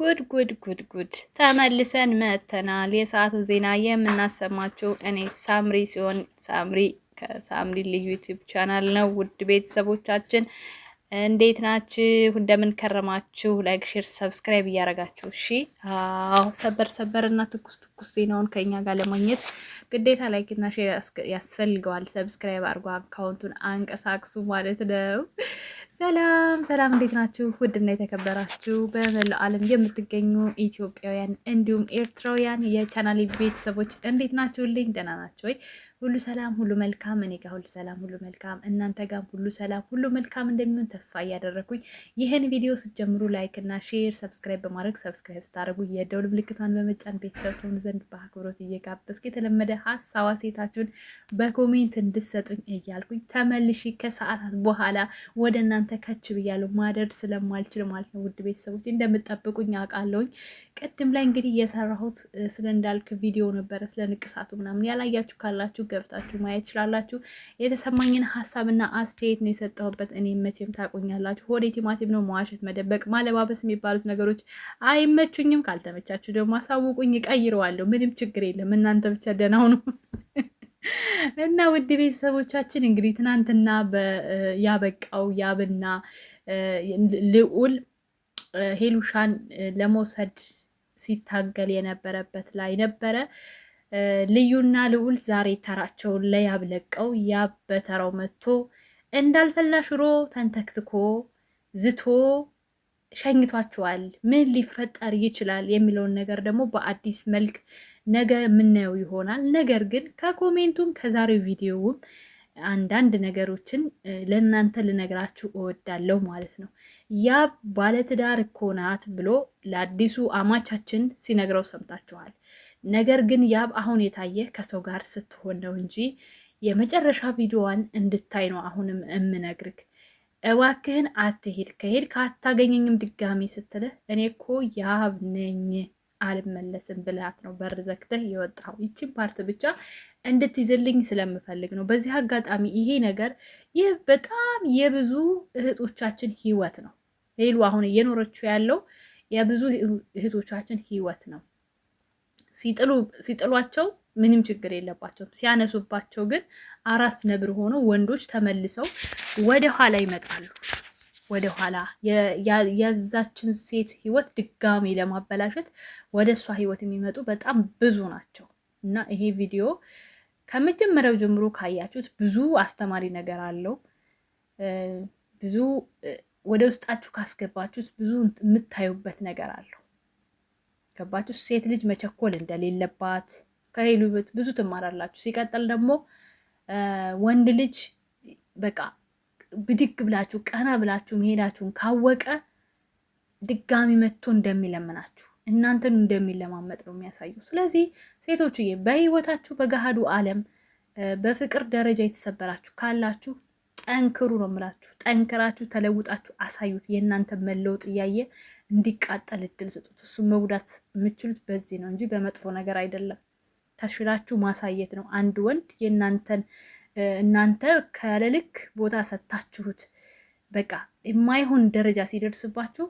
ጉድ ጉድ ጉድ ጉድ ተመልሰን መጥተናል። የሰዓቱ ዜና የምናሰማቸው እኔ ሳምሪ ሲሆን ሳምሪ ከሳምሪ ልዩ ዩቲዩብ ቻናል ነው። ውድ ቤተሰቦቻችን እንዴት ናችሁ? እንደምን ከረማችሁ? ላይክ፣ ሼር፣ ሰብስክራይብ እያደረጋችሁ እሺ። አዎ ሰበር ሰበር እና ትኩስ ትኩስ ዜናውን ከኛ ጋር ለማግኘት ግዴታ ላይክ እና ሼር ያስፈልገዋል። ሰብስክራይብ አድርጎ አካውንቱን አንቀሳቅሱ ማለት ነው። ሰላም ሰላም፣ እንዴት ናችሁ? ውድና የተከበራችሁ በመላው ዓለም የምትገኙ ኢትዮጵያውያን እንዲሁም ኤርትራውያን የቻናሌ ቤተሰቦች እንዴት ናችሁልኝ? ደህና ናችሁ ወይ? ሁሉ ሰላም፣ ሁሉ መልካም። እኔ ጋር ሁሉ ሰላም፣ ሁሉ መልካም። እናንተ ጋር ሁሉ ሰላም፣ ሁሉ መልካም እንደሚሆን ተስፋ እያደረግኩኝ ይህን ቪዲዮ ስትጀምሩ ላይክ እና ሼር፣ ሰብስክራይብ በማድረግ ሰብስክራይብ ስታደርጉ የደውል ምልክቷን በመጫን ቤተሰብ ትሆኑ ዘንድ በአክብሮት እየጋበዝኩ የተለመደ ሀሳብ አስተያየታችሁን በኮሜንት እንድሰጡኝ እያልኩኝ ተመልሼ ከሰዓታት በኋላ ወደ እናንተ ከች ብያለሁ። ማደር ስለማልችል ማለት ነው። ውድ ቤተሰቦች እንደምጠብቁኝ አውቃለሁኝ። ቅድም ላይ እንግዲህ የሰራሁት ስለ እንዳልክ ቪዲዮ ነበረ ስለ ንቅሳቱ ምናምን ያላያችሁ ካላችሁ ገብታችሁ ማየት ትችላላችሁ። የተሰማኝን ሀሳብና አስተያየት ነው የሰጠሁበት። እኔ መቼም ታቆኛላችሁ። ሆዴ ቲማቲም ነው። መዋሸት፣ መደበቅ፣ ማለባበስ የሚባሉት ነገሮች አይመቹኝም። ካልተመቻችሁ ደግሞ አሳውቁኝ፣ እቀይረዋለሁ። ምንም ችግር የለም። እናንተ ብቻ ደህና ሁኑ። እና ውድ ቤተሰቦቻችን እንግዲህ ትናንትና ያበቃው ያብና ልዑል ሄሉሻን ለመውሰድ ሲታገል የነበረበት ላይ ነበረ። ልዩና ልዑል ዛሬ ተራቸውን ለያብ ለቀው ያብ በተራው መጥቶ እንዳልፈላ ሽሮ ተንተክትኮ ዝቶ ሸኝቷቸዋል። ምን ሊፈጠር ይችላል የሚለውን ነገር ደግሞ በአዲስ መልክ ነገ የምናየው ይሆናል። ነገር ግን ከኮሜንቱም ከዛሬው ቪዲዮውም አንዳንድ ነገሮችን ለእናንተ ልነግራችሁ እወዳለሁ ማለት ነው። ያ ባለትዳር እኮ ናት ብሎ ለአዲሱ አማቻችን ሲነግረው ሰምታችኋል። ነገር ግን ያብ አሁን የታየ ከሰው ጋር ስትሆን ነው እንጂ የመጨረሻ ቪዲዮዋን እንድታይ ነው አሁንም እምነግርክ። እባክህን አትሄድ፣ ከሄድ ካታገኘኝም ድጋሚ ስትልህ እኔ እኮ ያብ ነኝ አልመለስም ብላት ነው በር ዘግተህ የወጣው። ይችን ፓርት ብቻ እንድትይዝልኝ ስለምፈልግ ነው። በዚህ አጋጣሚ ይሄ ነገር ይህ በጣም የብዙ እህቶቻችን ህይወት ነው። ሄሉ አሁን እየኖረችው ያለው የብዙ እህቶቻችን ህይወት ነው። ሲጥሏቸው ምንም ችግር የለባቸውም። ሲያነሱባቸው ግን አራት ነብር ሆነው ወንዶች ተመልሰው ወደ ኋላ ይመጣሉ። ወደ ኋላ የዛችን ሴት ህይወት ድጋሚ ለማበላሸት ወደ እሷ ህይወት የሚመጡ በጣም ብዙ ናቸው እና ይሄ ቪዲዮ ከመጀመሪያው ጀምሮ ካያችሁት ብዙ አስተማሪ ነገር አለው። ብዙ ወደ ውስጣችሁ ካስገባችሁት ብዙ የምታዩበት ነገር አለው። ገባችሁ? ሴት ልጅ መቸኮል እንደሌለባት ከሄሉ ህይወት ብዙ ትማራላችሁ። ሲቀጥል ደግሞ ወንድ ልጅ በቃ ብድግ ብላችሁ ቀና ብላችሁ መሄዳችሁን ካወቀ ድጋሚ መጥቶ እንደሚለምናችሁ እናንተን እንደሚለማመጥ ነው የሚያሳዩ። ስለዚህ ሴቶችዬ በህይወታችሁ በገሃዱ ዓለም በፍቅር ደረጃ የተሰበራችሁ ካላችሁ ጠንክሩ ነው የምላችሁ። ጠንክራችሁ ተለውጣችሁ አሳዩት። የእናንተ መለውጥ እያየ እንዲቃጠል እድል ስጡት። እሱ መጉዳት የምችሉት በዚህ ነው እንጂ በመጥፎ ነገር አይደለም። ተሽላችሁ ማሳየት ነው። አንድ ወንድ የእናንተን እናንተ ከለልክ ቦታ ሰታችሁት በቃ የማይሆን ደረጃ ሲደርስባችሁ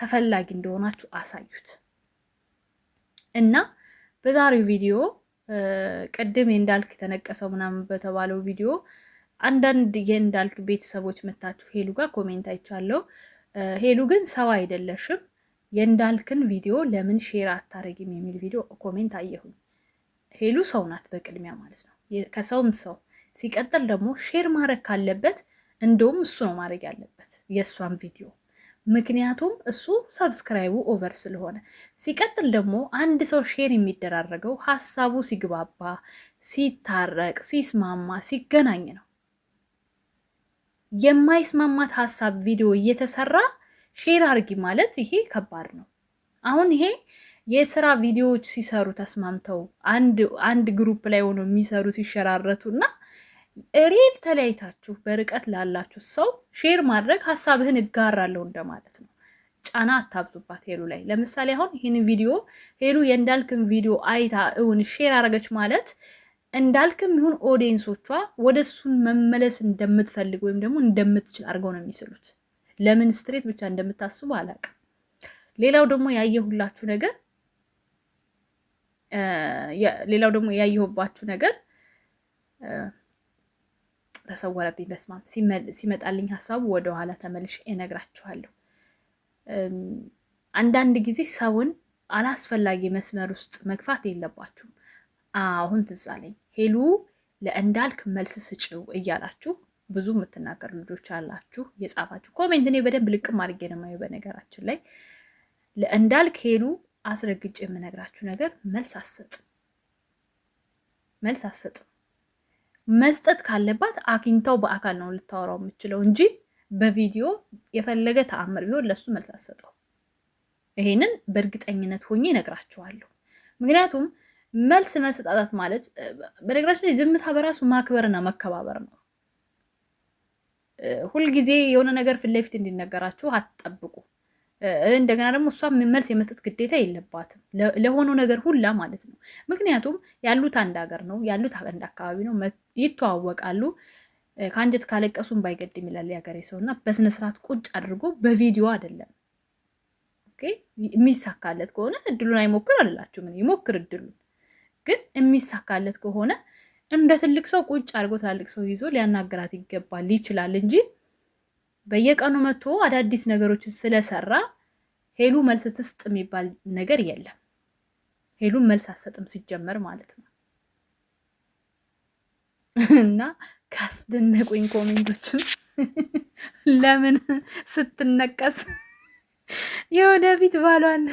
ተፈላጊ እንደሆናችሁ አሳዩት እና በዛሬው ቪዲዮ ቅድም እንዳልክ የተነቀሰው ምናምን በተባለው ቪዲዮ አንዳንድ የእንዳልክ ቤተሰቦች መታችሁ ሄሉ ጋር ኮሜንት አይቻለው። ሄሉ ግን ሰው አይደለሽም የእንዳልክን ቪዲዮ ለምን ሼር አታረጊም የሚል ቪዲዮ ኮሜንት አየሁኝ። ሄሉ ሰው ናት በቅድሚያ ማለት ነው፣ ከሰውም ሰው ሲቀጥል ደግሞ ሼር ማድረግ ካለበት እንደውም እሱ ነው ማድረግ ያለበት የእሷን ቪዲዮ፣ ምክንያቱም እሱ ሰብስክራይቡ ኦቨር ስለሆነ። ሲቀጥል ደግሞ አንድ ሰው ሼር የሚደራረገው ሀሳቡ ሲግባባ፣ ሲታረቅ፣ ሲስማማ፣ ሲገናኝ ነው። የማይስማማት ሀሳብ ቪዲዮ እየተሰራ ሼር አርጊ ማለት ይሄ ከባድ ነው። አሁን ይሄ የስራ ቪዲዮዎች ሲሰሩ ተስማምተው አንድ ግሩፕ ላይ ሆኖ የሚሰሩ ሲሸራረቱ እና ሪል ተለያይታችሁ በርቀት ላላችሁ ሰው ሼር ማድረግ ሀሳብህን እጋራለሁ እንደማለት ነው። ጫና አታብዙባት ሄሉ ላይ። ለምሳሌ አሁን ይህን ቪዲዮ ሄሉ የእንዳልክን ቪዲዮ አይታ እውን ሼር አረገች ማለት እንዳልክም ይሁን ኦዲየንሶቿ ወደ እሱን መመለስ እንደምትፈልግ ወይም ደግሞ እንደምትችል አድርገው ነው የሚስሉት። ለምን ስትሬት ብቻ እንደምታስቡ አላቅም። ሌላው ደግሞ ያየሁላችሁ ነገር ሌላው ደግሞ ያየሁባችሁ ነገር ተሰወረብኝ። በስማም ሲመጣልኝ ሀሳቡ ወደኋላ ተመልሼ እነግራችኋለሁ። አንዳንድ ጊዜ ሰውን አላስፈላጊ መስመር ውስጥ መግፋት የለባችሁም። አሁን ትዝ አለኝ። ሄሉ ለእንዳልክ መልስ ስጭው እያላችሁ ብዙ የምትናገሩ ልጆች አላችሁ የጻፋችሁ ኮሜንት። እኔ በደንብ ልቅም አድርጌ ነው የማየው። በነገራችን ላይ ለእንዳልክ ሄሉ አስረግጬ የምነግራችሁ ነገር መልስ አሰጥ መልስ አትሰጥም። መስጠት ካለባት አኪኝታው በአካል ነው ልታወራው የምችለው እንጂ በቪዲዮ የፈለገ ተአምር ቢሆን ለሱ መልስ አሰጠው ይሄንን በእርግጠኝነት ሆኜ እነግራችኋለሁ። ምክንያቱም መልስ መሰጣጣት ማለት በነገራችን ላይ ዝምታ በራሱ ማክበርና መከባበር ነው። ሁልጊዜ የሆነ ነገር ፊት ለፊት እንዲነገራችሁ አትጠብቁ። እንደገና ደግሞ እሷ መልስ የመስጠት ግዴታ የለባትም ለሆነው ነገር ሁላ ማለት ነው። ምክንያቱም ያሉት አንድ ሀገር ነው፣ ያሉት አንድ አካባቢ ነው፣ ይተዋወቃሉ። ከአንጀት ካለቀሱም ባይገድም ይላል የሀገሬ ሰው እና በስነስርዓት ቁጭ አድርጎ በቪዲዮ አይደለም የሚሳካለት ከሆነ እድሉን አይሞክር አላችሁ። ምን ይሞክር እድሉን ግን የሚሳካለት ከሆነ እንደ ትልቅ ሰው ቁጭ አድርጎ ትላልቅ ሰው ይዞ ሊያናገራት ይገባል ይችላል እንጂ በየቀኑ መጥቶ አዳዲስ ነገሮች ስለሰራ ሄሉ መልስ ትስጥ የሚባል ነገር የለም። ሄሉን መልስ አሰጥም ሲጀመር ማለት ነው። እና ካስደነቁኝ ኮሜንቶችም ለምን ስትነቀስ የወደፊት ባሏን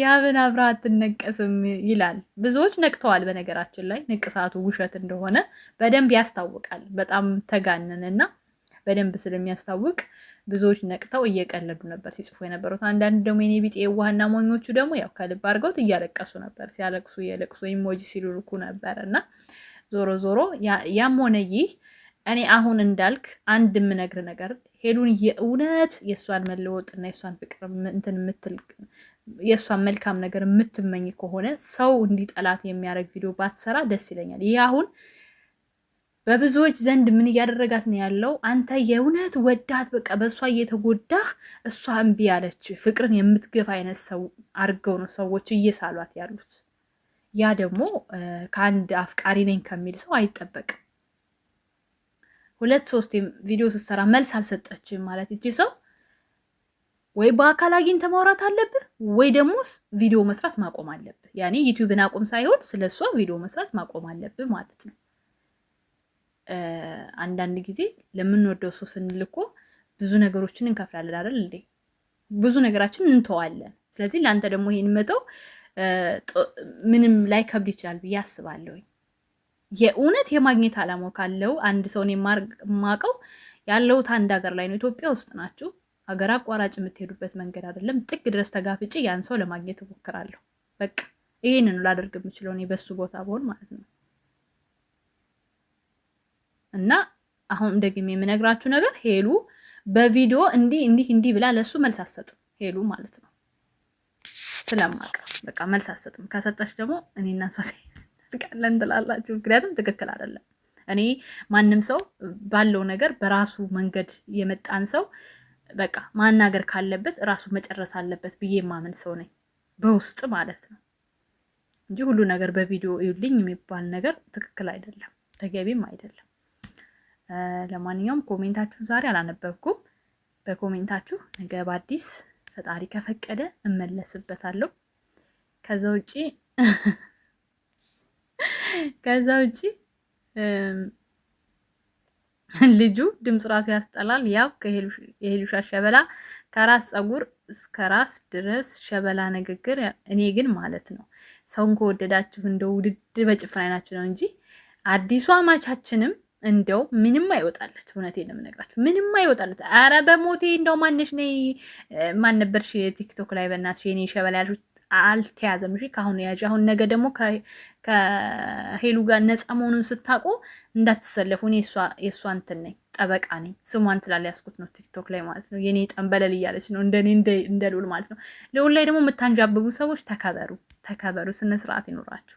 የአብን አብረህ አትነቀስም ይላል። ብዙዎች ነቅተዋል። በነገራችን ላይ ንቅሳቱ ውሸት እንደሆነ በደንብ ያስታውቃል። በጣም ተጋነንና በደንብ ስለሚያስታውቅ ብዙዎች ነቅተው እየቀለዱ ነበር ሲጽፉ የነበሩት። አንዳንድ ደግሞ የኔ ቢጤ የዋህና ሞኞቹ ደግሞ ያው ከልብ አድርገውት እያለቀሱ ነበር። ሲያለቅሱ የለቅሶ ኢሞጂ ሲልኩ ነበር እና ዞሮ ዞሮ ያም ሆነ ይህ እኔ አሁን እንዳልክ አንድ የምነግር ነገር ሄሉን የእውነት የእሷን መለወጥና የእሷን ፍቅር እንትን የምትል የእሷን መልካም ነገር የምትመኝ ከሆነ ሰው እንዲጠላት የሚያደርግ ቪዲዮ ባትሰራ ደስ ይለኛል። ይህ አሁን በብዙዎች ዘንድ ምን እያደረጋት ነው ያለው? አንተ የእውነት ወዳት በቃ በእሷ እየተጎዳህ እሷ እምቢ ያለች ፍቅርን የምትገፋ አይነት ሰው አድርገው ነው ሰዎች እየሳሏት ያሉት። ያ ደግሞ ከአንድ አፍቃሪ ነኝ ከሚል ሰው አይጠበቅም። ሁለት ሶስት ቪዲዮ ስትሰራ መልስ አልሰጠችም ማለት እጅ ሰው ወይ በአካል አግኝተህ ማውራት አለብህ፣ ወይ ደግሞ ቪዲዮ መስራት ማቆም አለብህ። ያኔ ዩቲዩብን አቁም ሳይሆን ስለ እሷ ቪዲዮ መስራት ማቆም አለብህ ማለት ነው። አንዳንድ ጊዜ ለምንወደው ሰው ስንል እኮ ብዙ ነገሮችን እንከፍላለን አይደል እንዴ? ብዙ ነገራችን እንተዋለን። ስለዚህ ለአንተ ደግሞ ይሄን መተው ምንም ላይ ከብድ ይችላል ብዬ አስባለሁኝ። የእውነት የማግኘት አላማው ካለው አንድ ሰውን የማቀው ያለሁት አንድ ሀገር ላይ ነው፣ ኢትዮጵያ ውስጥ ናችሁ ሀገር አቋራጭ የምትሄዱበት መንገድ አይደለም። ጥግ ድረስ ተጋፍጬ ያን ሰው ለማግኘት እሞክራለሁ። በቃ ይህንን ላደርግ የምችለው እኔ በሱ ቦታ በሆን ማለት ነው። እና አሁን ደግሜ የምነግራችሁ ነገር ሄሉ በቪዲዮ እንዲህ እንዲህ እንዲህ ብላ ለእሱ መልስ አትሰጥም። ሄሉ ማለት ነው ስለማቀ በቃ መልስ አትሰጥም። ከሰጠች ደግሞ እኔና እሷ ትቀለን ትላላችሁ። ምክንያቱም ትክክል አይደለም። እኔ ማንም ሰው ባለው ነገር በራሱ መንገድ የመጣን ሰው በቃ ማናገር ካለበት እራሱ መጨረስ አለበት ብዬ የማምን ሰው ነኝ፣ በውስጥ ማለት ነው እንጂ ሁሉ ነገር በቪዲዮ እዩልኝ የሚባል ነገር ትክክል አይደለም፣ ተገቢም አይደለም። ለማንኛውም ኮሜንታችሁን ዛሬ አላነበብኩም። በኮሜንታችሁ ነገ በአዲስ ፈጣሪ ከፈቀደ እመለስበታለሁ። ከዛ ውጭ ከዛ ውጭ ልጁ ድምፅ ራሱ ያስጠላል። ያው ከሄሉሻ ሸበላ ከራስ ጸጉር እስከ ራስ ድረስ ሸበላ ንግግር። እኔ ግን ማለት ነው ሰውን ከወደዳችሁ እንደው ውድድ በጭፍን አይናችሁ ነው እንጂ አዲሱ አማቻችንም እንደው ምንም አይወጣለት። እውነቴን ነው የምነግራችሁ፣ ምንም አይወጣለት። አረ በሞቴ እንደው ማነሽ ነ ማን ነበርሽ ቲክቶክ ላይ በእናትሽ የኔ ሸበላ ያልሽው አልተያዘም። እሺ ከአሁን ያዥ። አሁን ነገ ደግሞ ከሄሉ ጋር ነፃ መሆኑን ስታውቁ እንዳትሰለፉ። እኔ የእሷ እንትን ነኝ፣ ጠበቃ ነኝ። ስሟን ያስኩት ነው ቲክቶክ ላይ ማለት ነው። የኔ ጠንበለል እያለች ነው፣ እንደኔ እንደ ልዑል ማለት ነው። ልዑል ላይ ደግሞ የምታንጃብቡ ሰዎች ተከበሩ፣ ተከበሩ፣ ስነ ስርዓት ይኖራችሁ።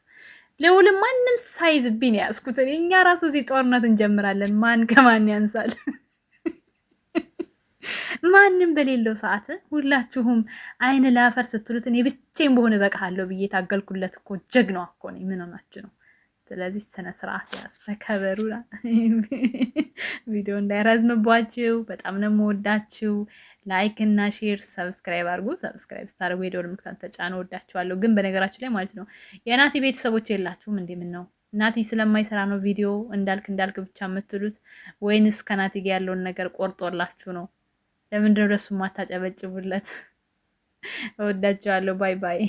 ልዑልን ማንም ሳይዝብኝ ነው ያዝኩት። እኛ ራሱ እዚህ ጦርነት እንጀምራለን። ማን ከማን ያንሳል? ማንም በሌለው ሰዓት ሁላችሁም አይን ላፈር ስትሉት እኔ ብቻዬን በሆነ በቃለሁ ብዬ ታገልኩለት እኮ ጀግናዋ እኮ ነኝ። ምን ሆናችሁ ነው? ስለዚህ ስነ ስርዓት ያዙ፣ ተከበሩ። ቪዲዮ እንዳይረዝምባችሁ በጣም ነው የምወዳችሁ። ላይክ እና ሼር፣ ሰብስክራይብ አድርጉ። ሰብስክራይብ ስታደርጉ የደወል ምልክቱን ተጫኑ። ወዳችኋለሁ። ግን በነገራችን ላይ ማለት ነው የናቲ ቤተሰቦች የላችሁም እንዴ? ምን ነው ናቲ ስለማይሰራ ነው ቪዲዮ እንዳልክ እንዳልክ ብቻ የምትሉት ወይንስ ከናቲ ጋር ያለውን ነገር ቆርጦላችሁ ነው? ለምንድነው ለሱ ማታጨበጭቡለት? እወዳቸዋለሁ። ባይ ባይ።